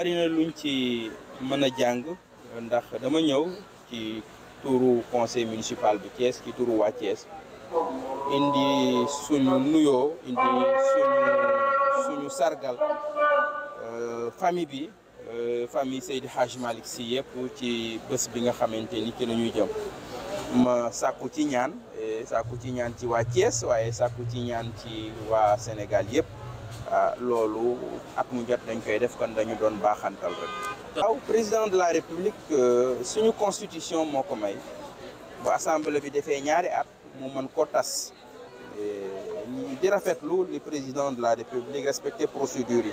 bari na luñ ci mën a jàng ndax dama ñëw ci turu conseil municipal bi Thiès ci turu waa Thiès indi suñu nuyoo indi suñu suñu sargal euh, famille bi euh, famille Seydi Hadj Malick si yëpp ci bés bi nga xamante ni ci la ñuy jëm ma sàkku ci ñaan eh, sàkku ci ñaan ci waa Thiès waaye sàkku ci ñaan ci waa Sénégal yëpp Ah, loolu at mu dañ koy def kon dañu président de la république euh, suñu constitution moo ko may ba assemblée bi defee ñaari at mu mën ko di le président de la république respecter procédure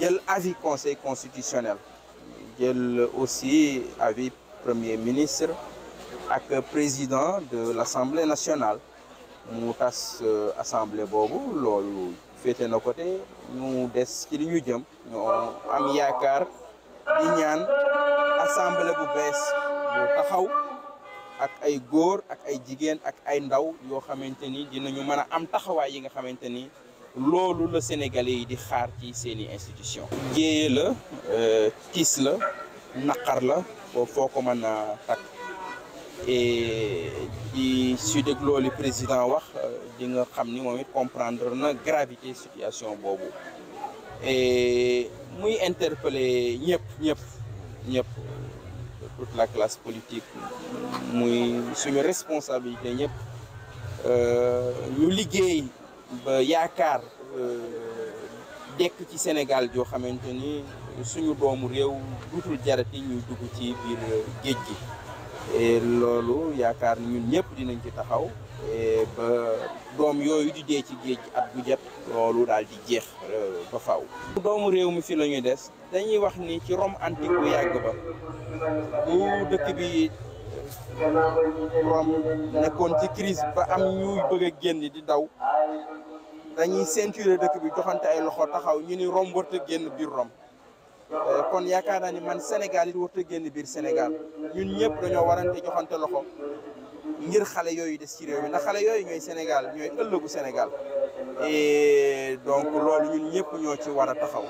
Il jël avis conseil constitutionnel jël aussi avis premier ministre ak président de l'assemblée nationale mu tas euh, assemblée boobu féete na ko te ñu des ci li ñu jëm ñu am yaakaar di ñaan assemblée bu bees bu taxaw ak ay góor ak ay jigéen ak ay ndaw yoo xamante ni dinañu mën a am taxawaay yi nga xamante ni loolu la Sénégalais yi di xaar ci seeni institution jéeye la euh, tiis la naqar la boobu foo ko mën a takk et di su dégg loolu président wax euh, Nous nga la comprendre situation et interpeller toute la classe politique muy une responsabilité nous euh, ñu liggéey euh, dekk Sénégal le suñu doomu loolu yaakaar ni ñun ñëpp dinañ ci taxaw ba doom yooyu di dee ci géej at bu jot loolu daal di jeex euh, ba faaw. doomu réew mi fi la ñuy des dañuy wax ni ci Rome antique bu yàgg ba bu dëkk bi Rome nekkoon ci crise ba am ñuy bëgg a génn di daw dañuy ceinturer dëkk bi joxante ay loxo taxaw ñu ni Rome warut a génn biir Rome. Euh, kon yaakaar naa ni man Sénégal it warut a génn biir Sénégal ñun ñëpp dañoo warante joxante loxo ngir xale yooyu des ci réew mi ndax xale yooyu ñooy Sénégal ñooy ëllëgu Sénégal et donc loolu ñun ñëpp ñoo ci war a taxaw.